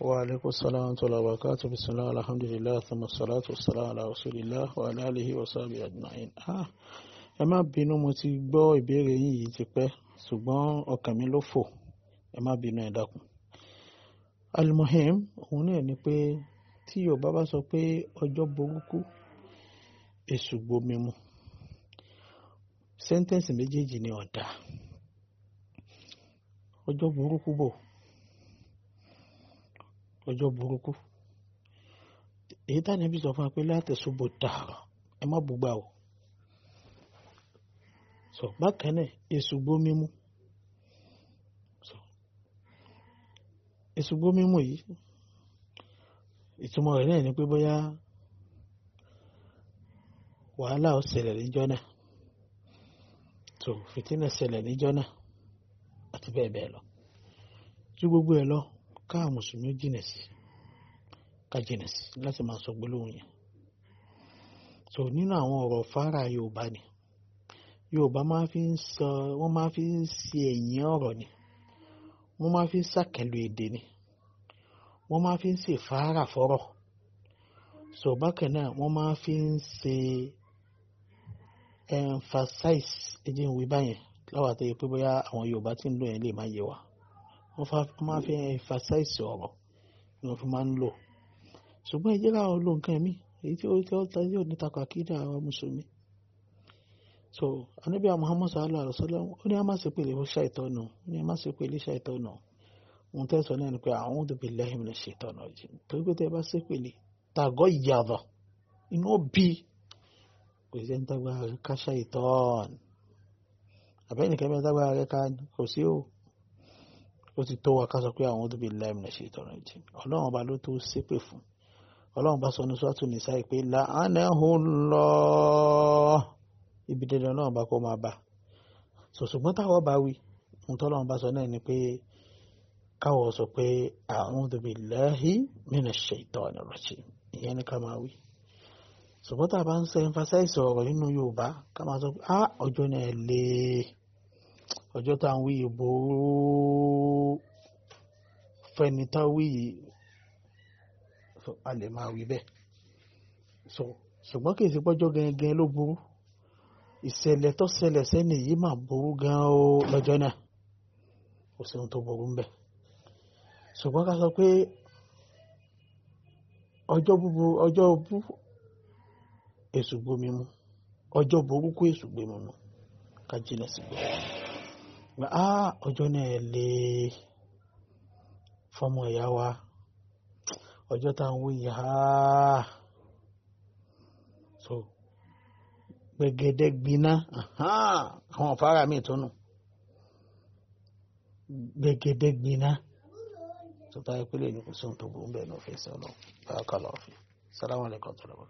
وعليكم السلام ورحمة الله وبركاته بسم الله الحمد لله ثم الصلاة والسلام على رسول الله وعلى آله وصحبه أجمعين ah ẹ má bínú mo ti gbọ́ ìbéèrè yín yìí ti pẹ́ ṣùgbọ́n ọkàn mi ló fò ẹ má bínú ẹ dákun almuhim òun náà ni pé tí Yorùbá bá sọ pé ọjọ́ burúkú èṣù gbomi mu sẹ́ńtẹ́ǹsì méjèèjì ni ọ̀dà ọjọ́ burúkú bò ọjọ́ burúkú èyí tá níbi sọ fún wa pé látẹ̀sọ́bọ̀ dàrọ̀ ẹ má bùgbà o sọ bákan náà èṣù gbó mímú sọ èṣù gbó mímú yìí ìtumọ̀ rẹ̀ náà ni pé bóyá wàhálà ó ṣẹlẹ̀ níjọ́ náà tó fìtínà ṣẹlẹ̀ níjọ́ náà àti bẹ́ẹ̀ bẹ́ẹ̀ lọ ju gbogbo ẹ̀ lọ káà mùsùlùmí jìnà sí ká jìnà sí láti máa sọ gbólóhùn yẹn so nínú àwọn ọ̀rọ̀ fara yorùbá ni yorùbá máa fi ń sọ wọ́n máa fi ń ṣe ẹ̀yìn ọ̀rọ̀ ni wọ́n máa fi ń ṣàkẹ́lù èdè ni wọ́n máa fi ń ṣe fara fọ́rọ̀ so bákan náà wọ́n máa fi ń ṣe emphasize ẹjẹ́ ìwé báyẹn láwọn àtẹ̀yẹ pé bóyá àwọn yorùbá tí ń lò yẹn lè má yé wa wọ́n máa fi emphasize ọ̀rọ̀ ni wọ́n fi máa ń lò ṣùgbọ́n ìjẹ́ káwọn lo nǹkan mi èyí tí ó ti ọ́ta yóò ní takọ àkídà àwọn mùsùlùmí so Ànábì Muhammad sallallahu alaihi wasallam ó ní a máa ṣe pèlè ṣàìtọ́nù ó ní a máa ṣe pèlè ṣàìtọ́nù òun tẹ́sán náà ni pé a'udhu billahi minash shaitani rajim torí pé tẹ́ bá ṣe pèlè tàgọ́ ìyàtọ̀ inú bí kò sí ẹni tágbára rẹ̀ ká ṣàìtọ́n àbẹ́yìn kẹ́mi tágbára rẹ̀ ká kò sí o ó ti tó wa ká sọ pé àwọn tó bí láì mìíràn ṣe ìtọ́rọ̀ ìjì ọlọ́run ọba ló tó ṣépè fún ọlọ́run bá sọ ní sọ́tún ní sáì pé làánẹ́hù lọ ibi dandan náà bá kó máa bá ṣùgbọ́n táwọn bá wí ohun tọ́lọ́run bá sọ náà ni pé káwọ̀ sọ pé a'udhu billahi minash shaitanir rajim ìyẹn ni ká máa wí ṣùgbọ́n tá a bá ń sọ emphasize ọ̀rọ̀ nínú Yorùbá ká máa sọ pé ah, ọjọ́ náà lè ọjọ́ tá à ń wí ìbò fẹ́ni tá wí yìí a lè máa wí bẹ́ẹ̀ so ṣùgbọ́n kì í ṣe pọ́jọ́ gangan ló burú ìṣẹ̀lẹ̀ tó ṣẹlẹ̀ sẹ́ni yìí mà burú gan o lọ́jọ́ náà kò sí ohun tó burú ń bẹ̀ ṣùgbọ́n ká sọ pé ọjọ́ búburú ọjọ́ bú èṣù gbomi mu ọjọ́ burúkú èṣù gbomi mu ká jìnà sí gbogbo pé ah ọjọ́ náà lè fọmọ ìyá wa ọjọ́ tá à ń wí yìí ah so gbẹgẹdẹ gbiná àwọn ọ̀fára mi tó nù gbẹgẹdẹ gbiná tó táyé pélé ní kò sóhun tó burú bẹ́ẹ̀ ní òfin sọ̀rọ̀ báyọ̀ kọ́ lọ́ọ́ fi sálámù aláìkùm tó lọ́wọ́.